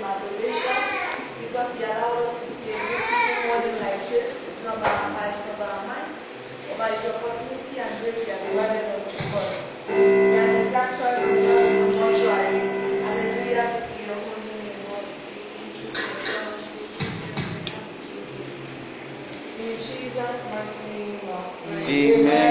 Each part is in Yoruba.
him adoration because he allowed us to see a beautiful morning like this. It's our might, not our mind, but by opportunity and grace he We are the God and not right. Hallelujah be to your holy Lord. Jesus' mighty name, Amen.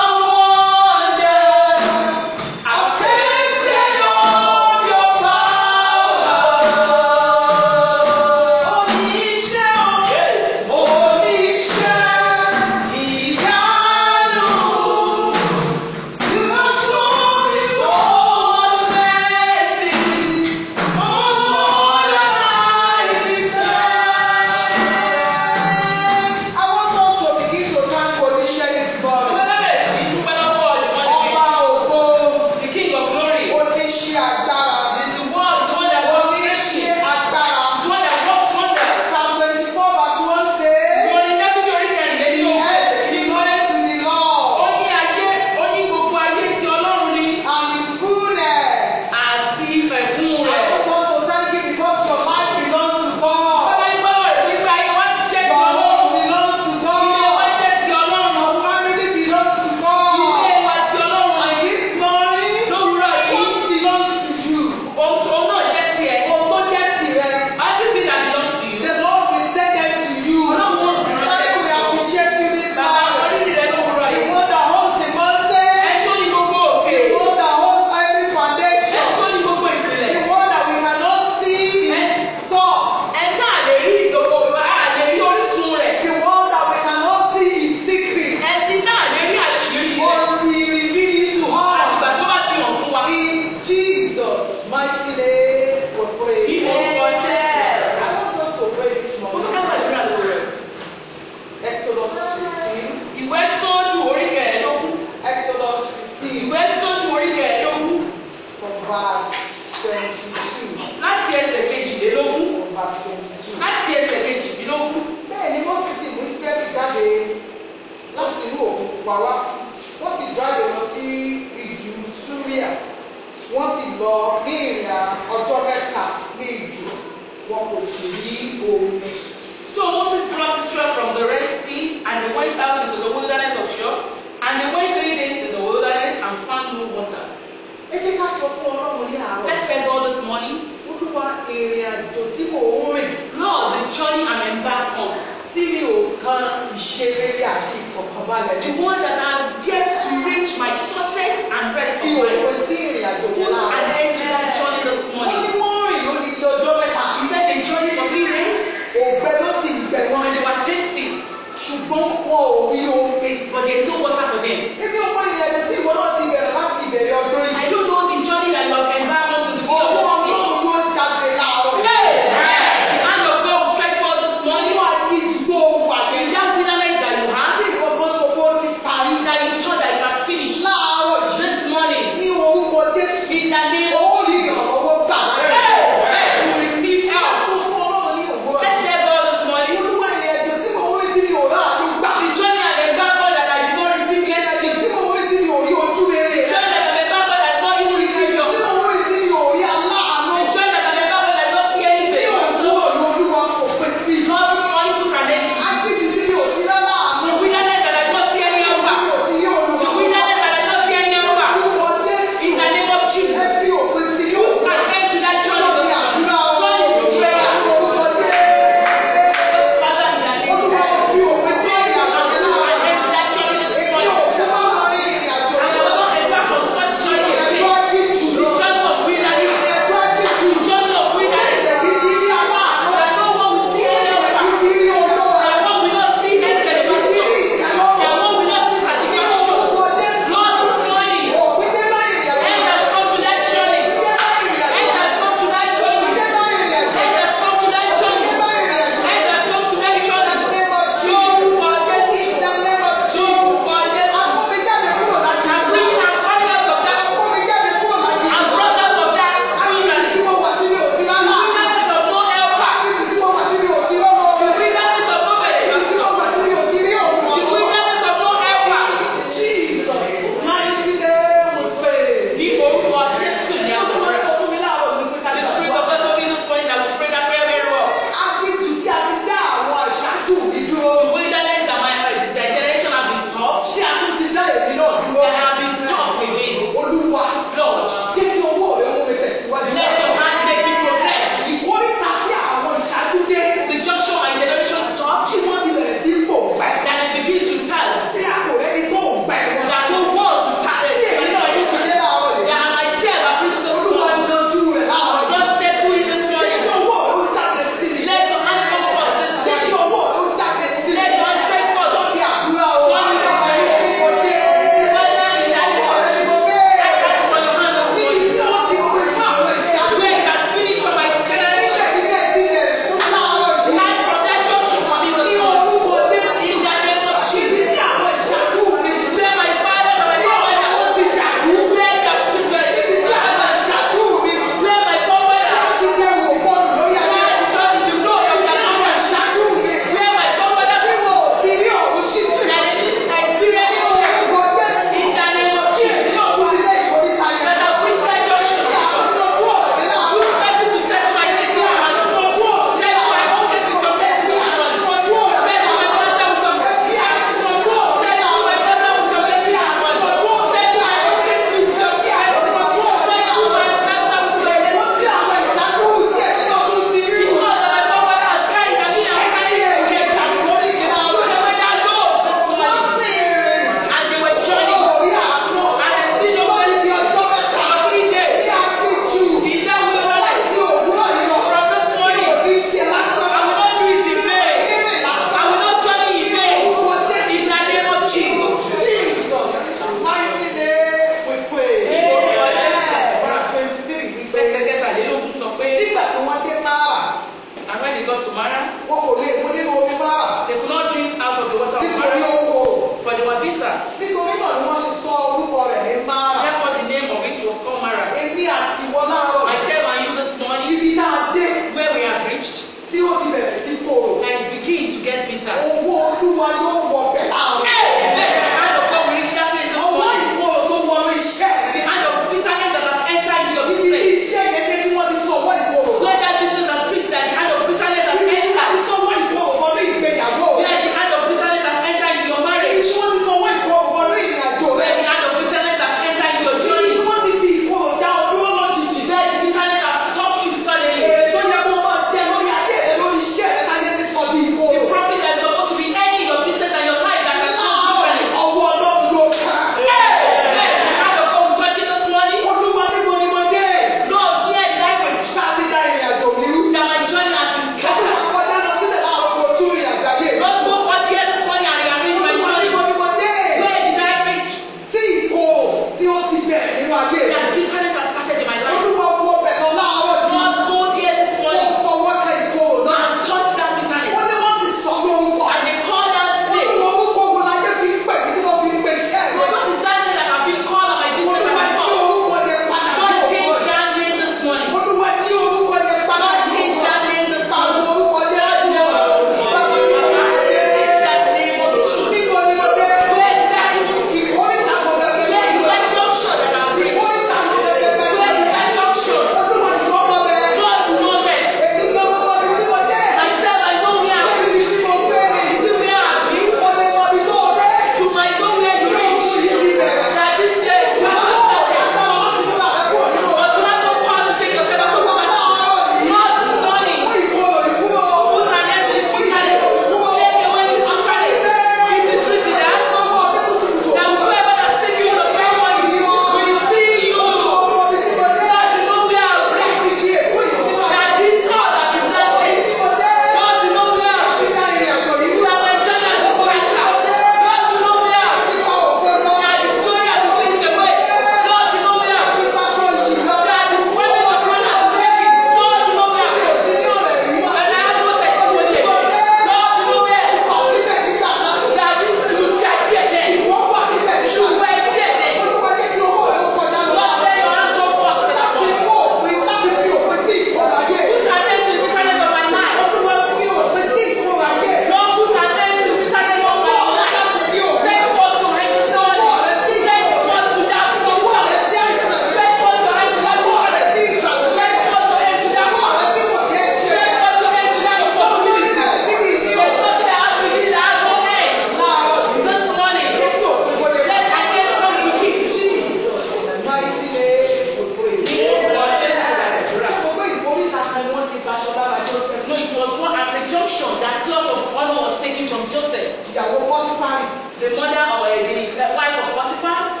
the mother of uh, the uh, wife of Potiphar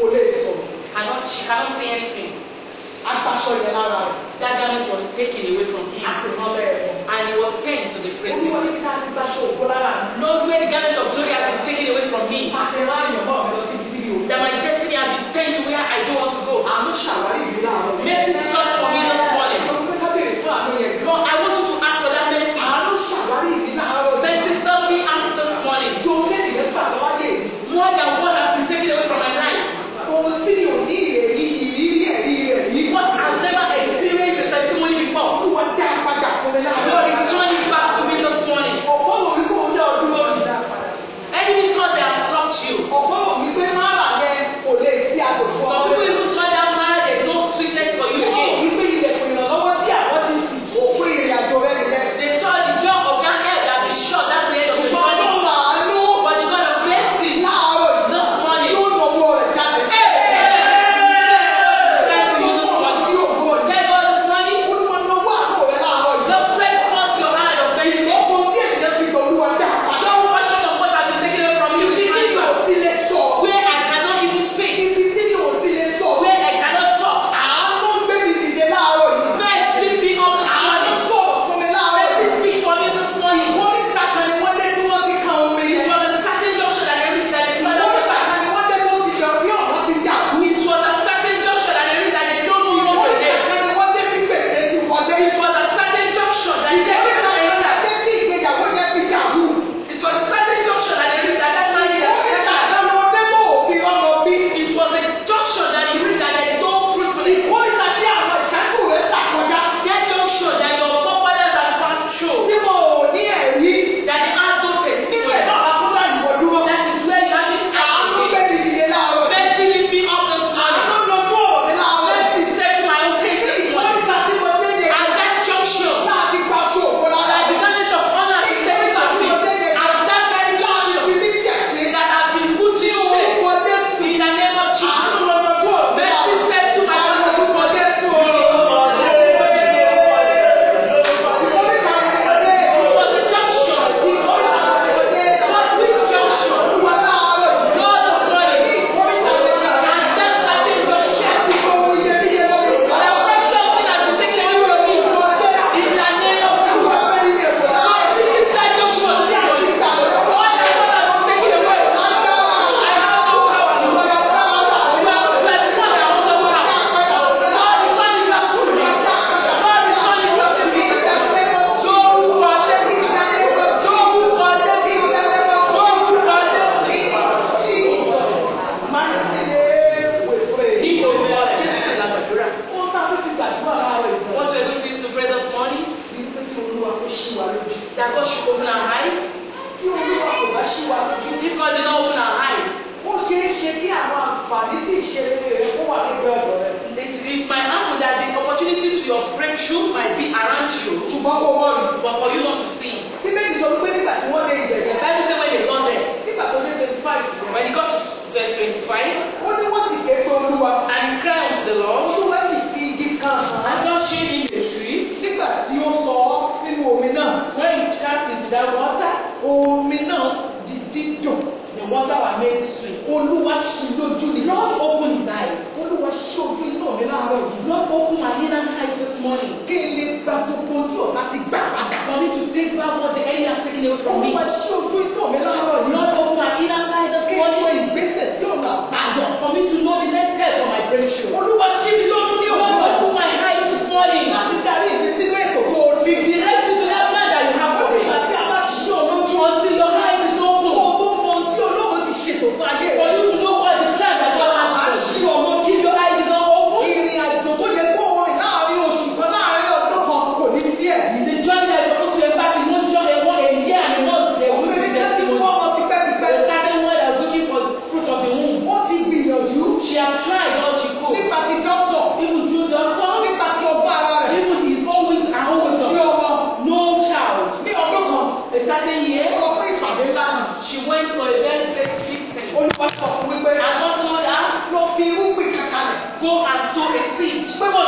kò lè sọ cannot she cannot say anything. apaṣọ yẹn lára rẹ̀. that garment was taken away from him. a mother, and he was sent to the prison. olúwa ní ká sí gbaṣọ òkú lára mi. no way the garment of glory has been taken away from me. àti ẹ̀rọ àyànbọ̀ mi lọ sí ibi that my destiny has been sent where I don't want to go. àmì ṣàwárí ìlú láàárọ̀. mercy search for me. fuimos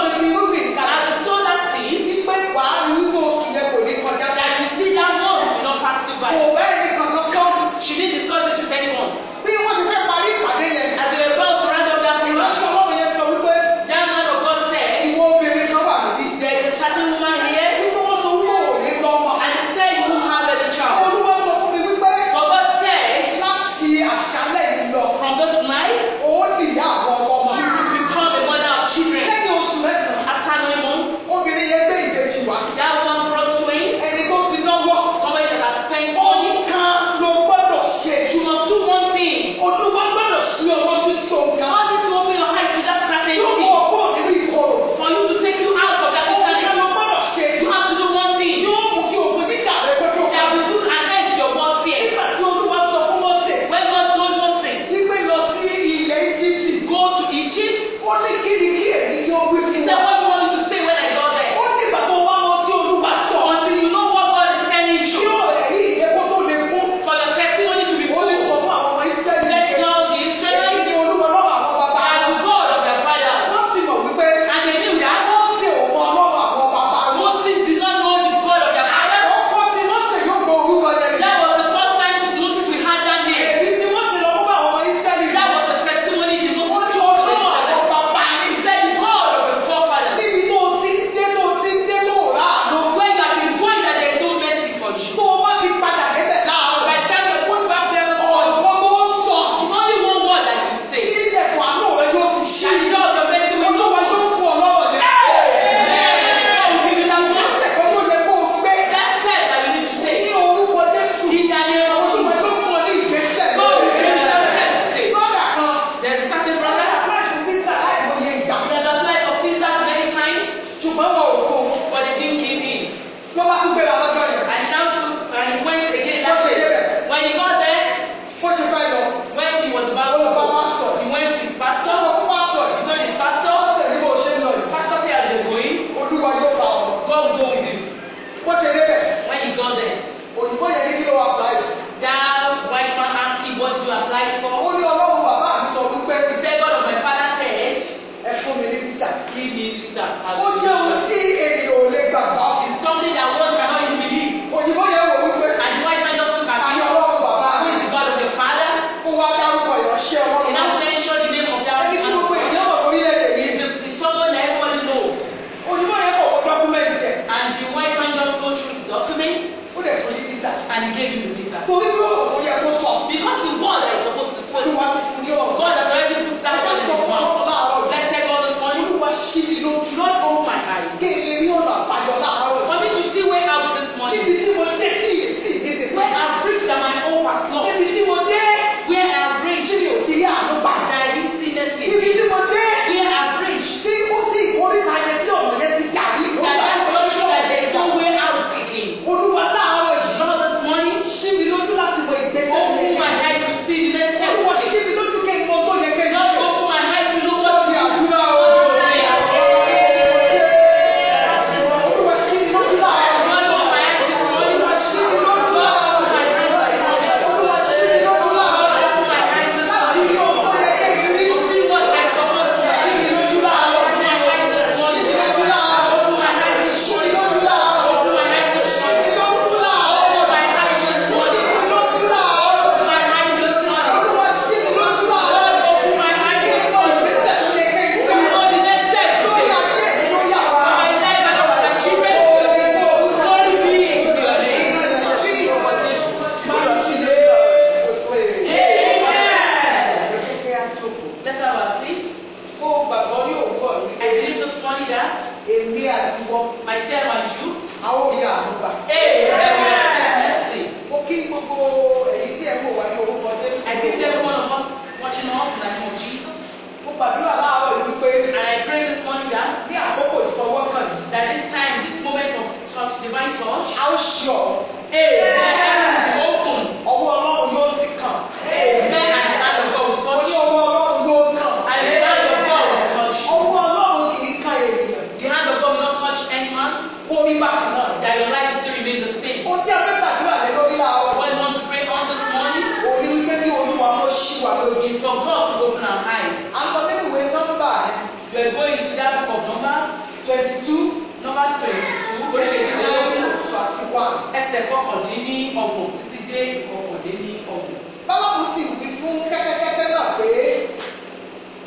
ẹsẹ̀ kọkàndín ní ọgbọ̀n títí dé ìkọkàndín ní ọgbọ̀n. bọ́lọ́mù sì wí fún kẹ́tẹ́kẹ́tẹ́ náà pé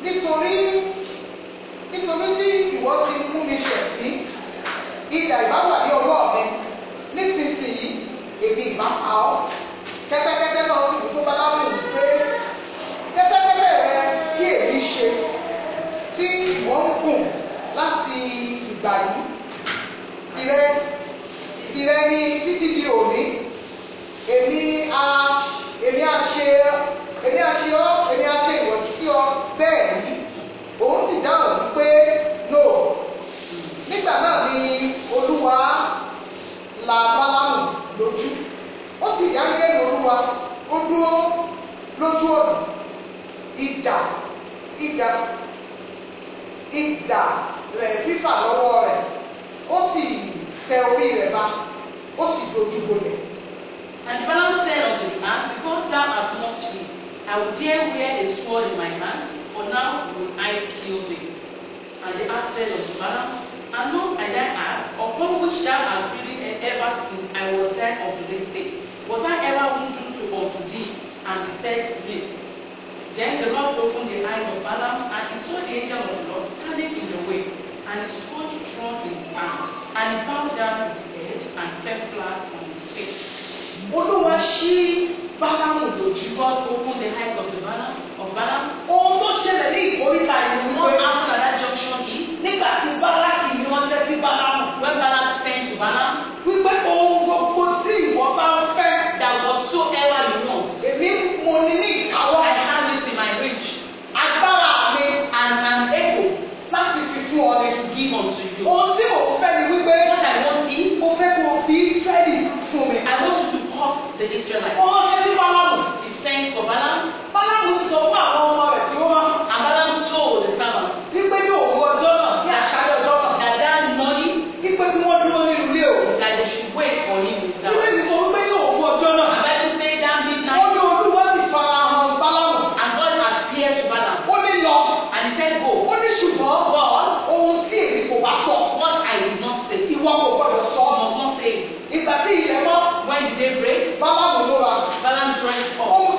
nítorí nítorí tí ìwọ ti mú mi ṣẹ̀ sí idà ìbá ní ọwọ́ mi nísinsìnyí èdè ìbá ọ́ kẹ́tẹ́kẹ́tẹ́ náà sì wí fún bọ́lọ́mù pé kẹ́tẹ́kẹ́tẹ́ rẹ kí èmi ṣe tí ìwọ ń gùn láti ìgbà yìí tirẹ̀ tìrẹ ní títí di òní èmi a èmi a ṣe èmi a ṣe ọ èmi a ṣe ìwọ̀sí sí ọ bẹ́ẹ̀ ni òun sì dáhùn wípé no nígbà náà ni olúwa la bálámù lójú ó sì yá gẹ́gẹ́ ní olúwa ó dúró lójú ọ̀nà idà idà idà rẹ̀ fífà lọ́wọ́ rẹ̀ ó sì tẹ orí rẹ̀ bá ó sì dojú bolẹ̀. And Balaam said unto the ass, Because thou hast mocked me, I will dare wear a sword in my hand, for now will I kill thee. And the ass said unto Balaam, Am not I thy ass, upon which thou hast been ever since I was there of this day? Was I ever wounded to unto thee? And he said, Nay. Then the Lord opened the eyes of Balaam, and he saw the angel of the Lord standing in the way and his foot strong in hand, and he bowed down his head and fell flat on his face. olúwa ṣí bákàmù lójú God open the eyes of the Balaam of Balaam. ohun tó ṣẹlẹ̀ ní ìkórìíra ìlú. what happened at that junction is. nígbà tí bálákì ni wọ́n ṣẹ́ sí bálákì. taught the Israelites. He sent for Balaam. Balaam sọ fún àwọn ọmọ Balaam ló ra. Balaam joined oh, Paul.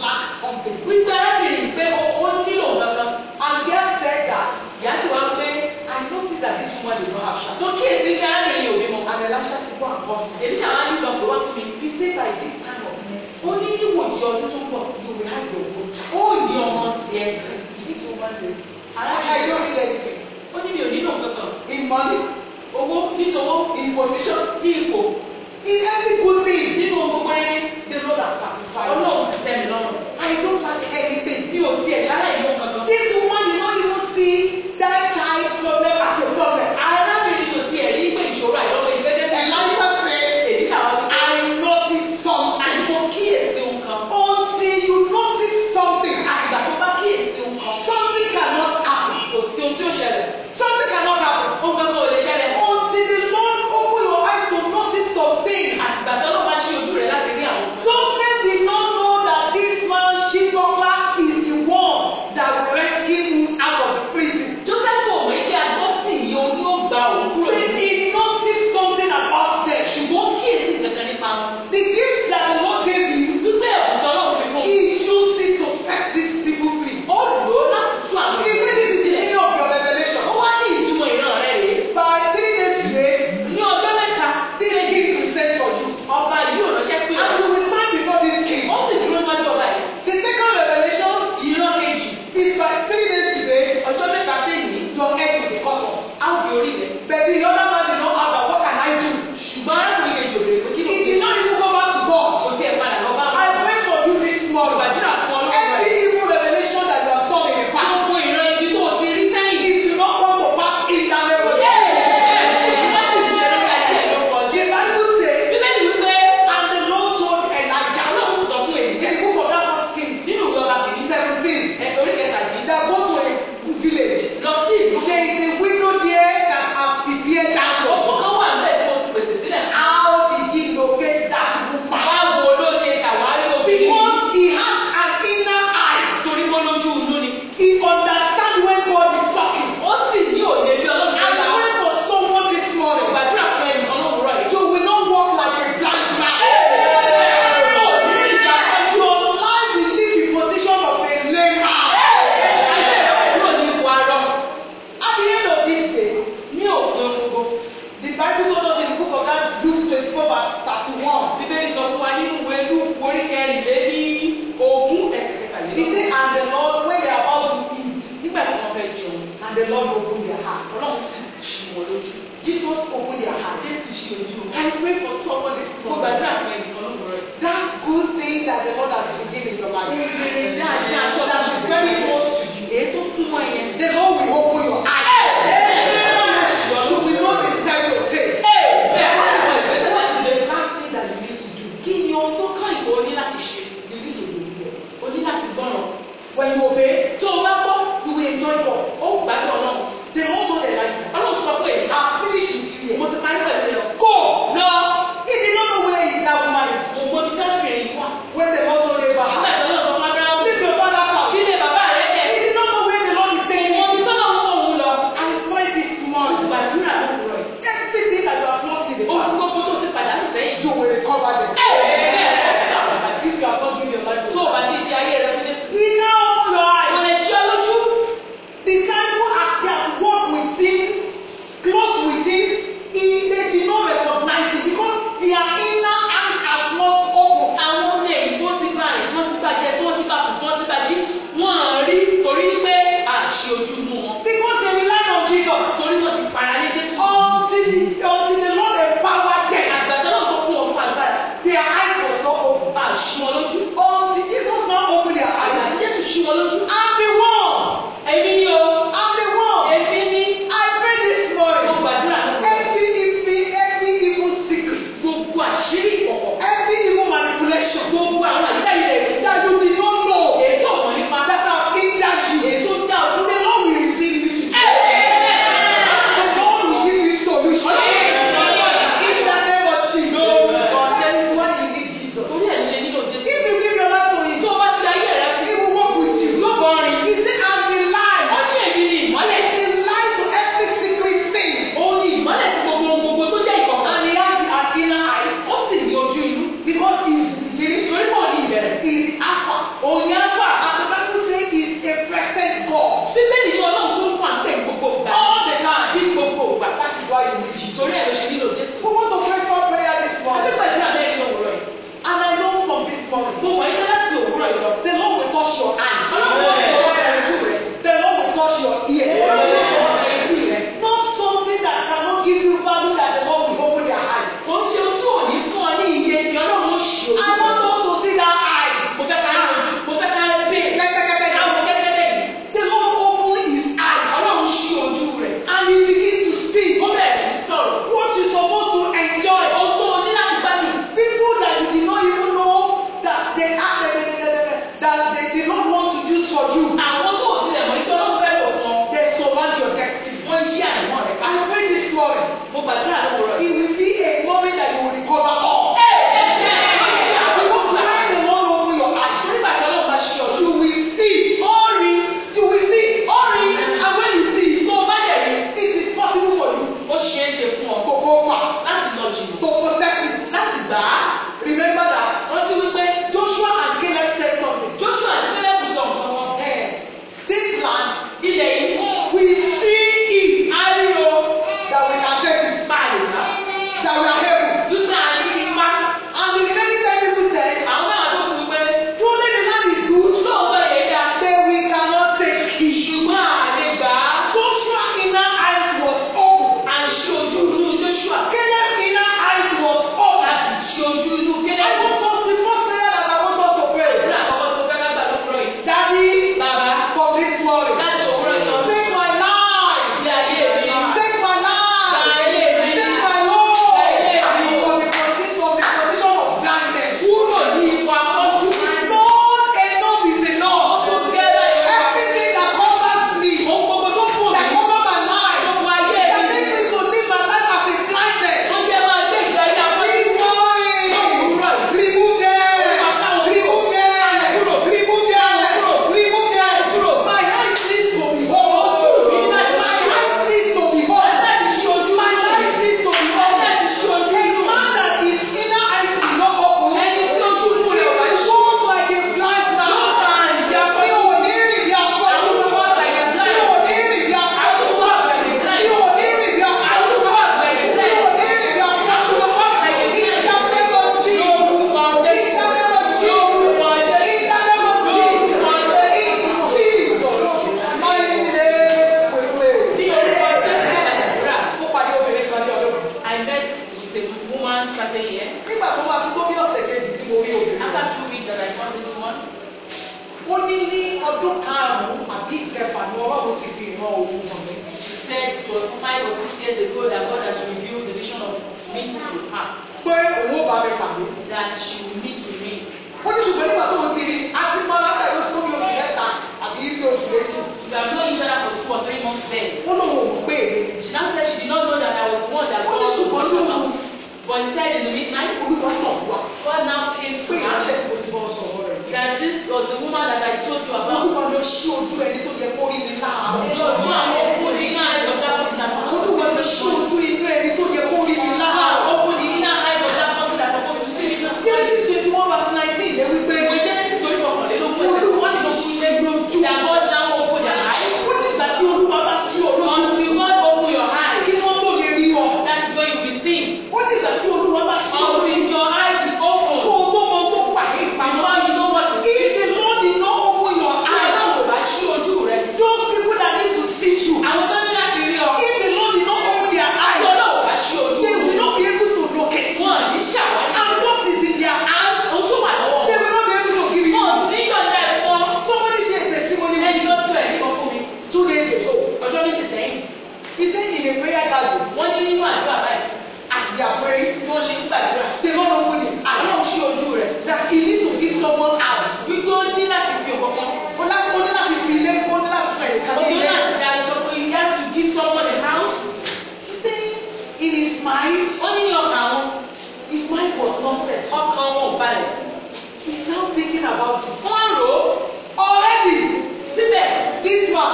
lack something. We wípé arábìnrin pé ó nílò gangan and he has said that ìyá sì wá pé I notice that this woman dey no have child. mo kíyèsí pé arábìnrin yóò bímọ. and Elisha sì bọ́ àkọ́. Elisha wá nílò pé wá fún mi. he say by this time of next. ó ní níwòye ọdún tó ń bọ̀ you will have your own child. ó ní ọmọ tiẹ̀. this woman say arábìnrin yóò rí lẹ́yìn. ó ní mi ò nílò nǹkan kan. in money. owó nítorí in position ní ipò. in every good thing. nínú gbogbo ẹni the Lord has served. Ọlọ́run ti tẹ́ mi lọ́rùn. I don't like anything. Mi ò tiẹ̀ ṣáláì mọ́.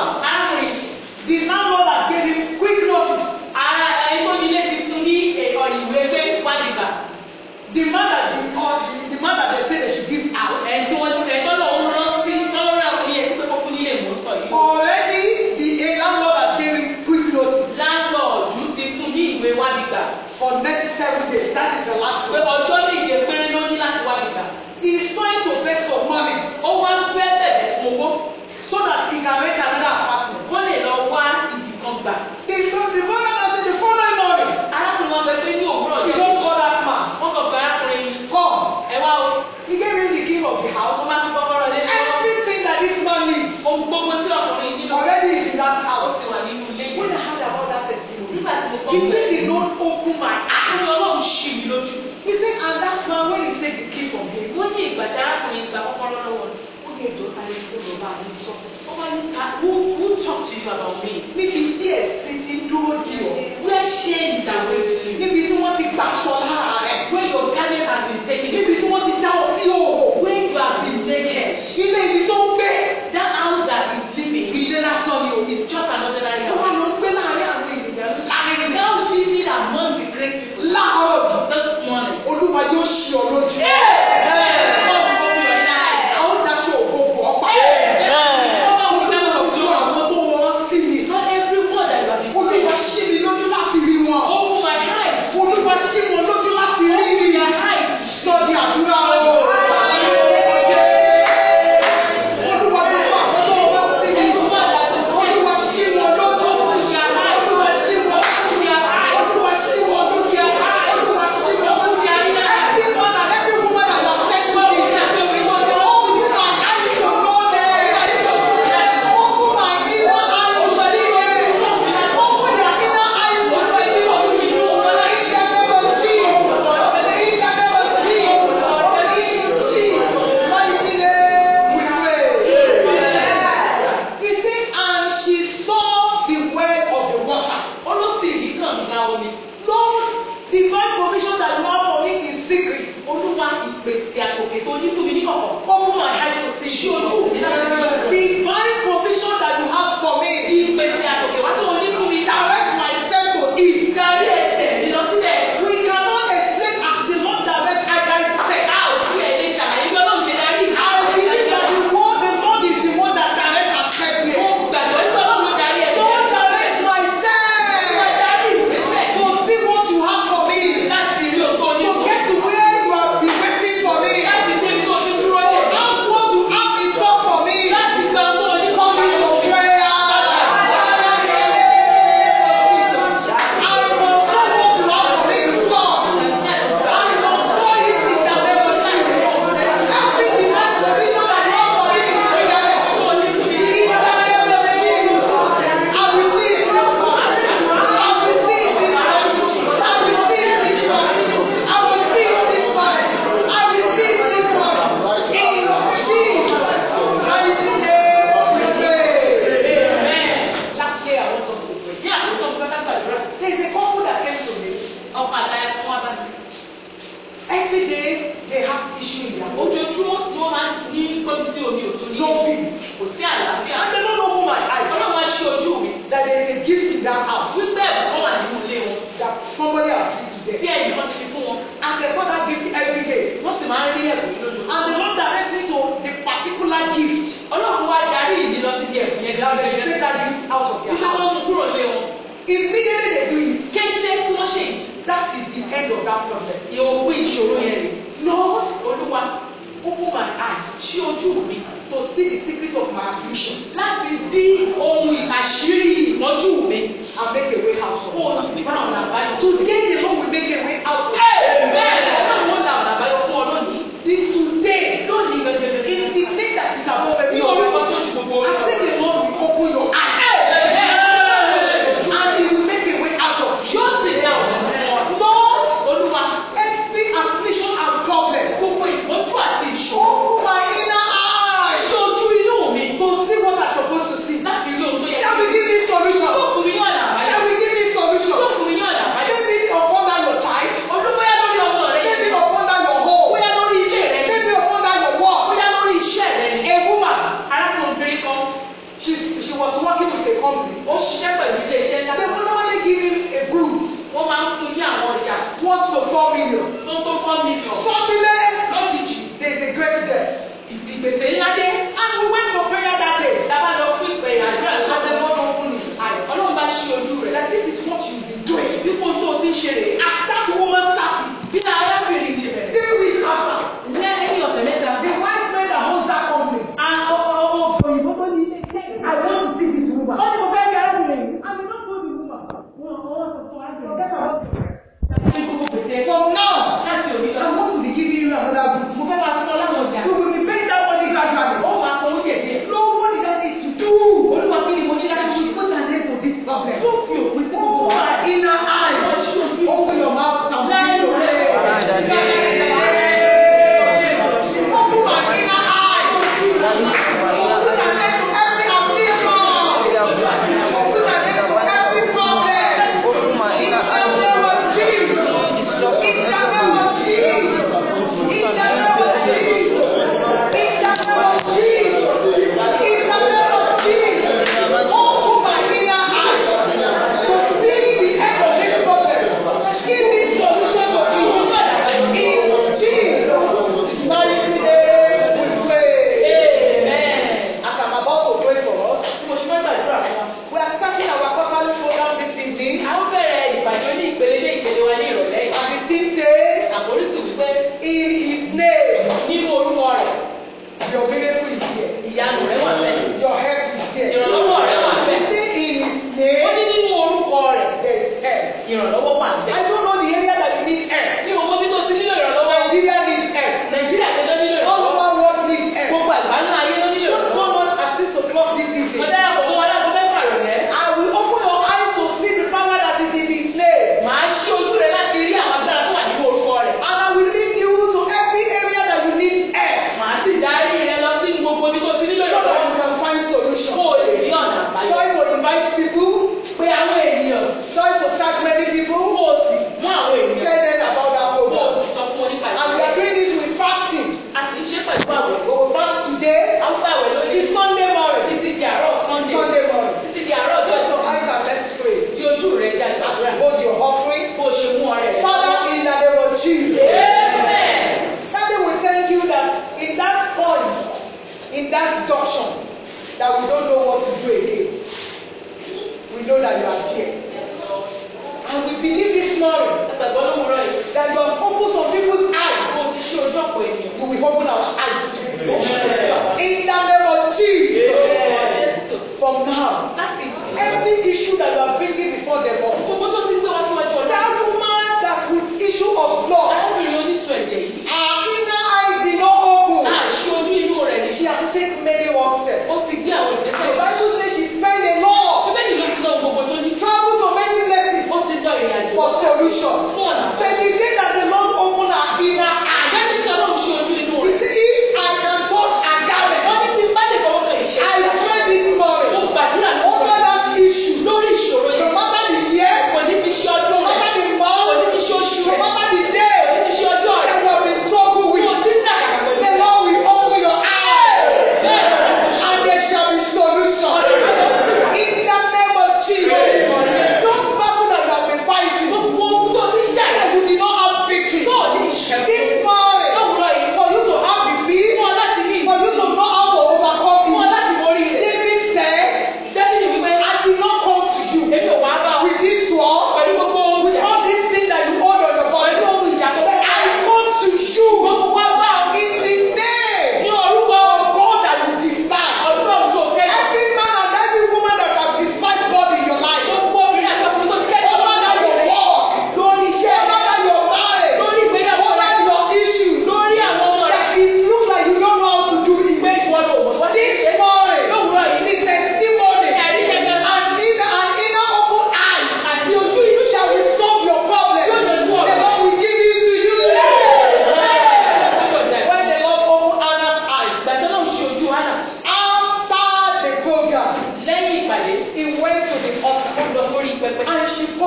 Adam, Adam did not who talk to you about me. níbi tí ẹ̀sìn ti dúró di ọ. where shame is and awaiting. níbi tí wọ́n ti gbàṣọ lára rẹ. where your garment has been taken. níbi tí wọ́n ti já ọ sí òwò. where you have been naked. ilé ibi tó ń gbé. that house that is living. ilé lásán ni o is just an ordinary house. wọ́n lọ gbé láàrin àwọn ènìyàn. and is now living among the great people. láàárọ̀ bí. this morning. olúwa yóò ṣe ọ lójú. Yeah.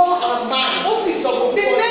whole our mind. Ó sì sọ gbogbo ọ̀rọ̀.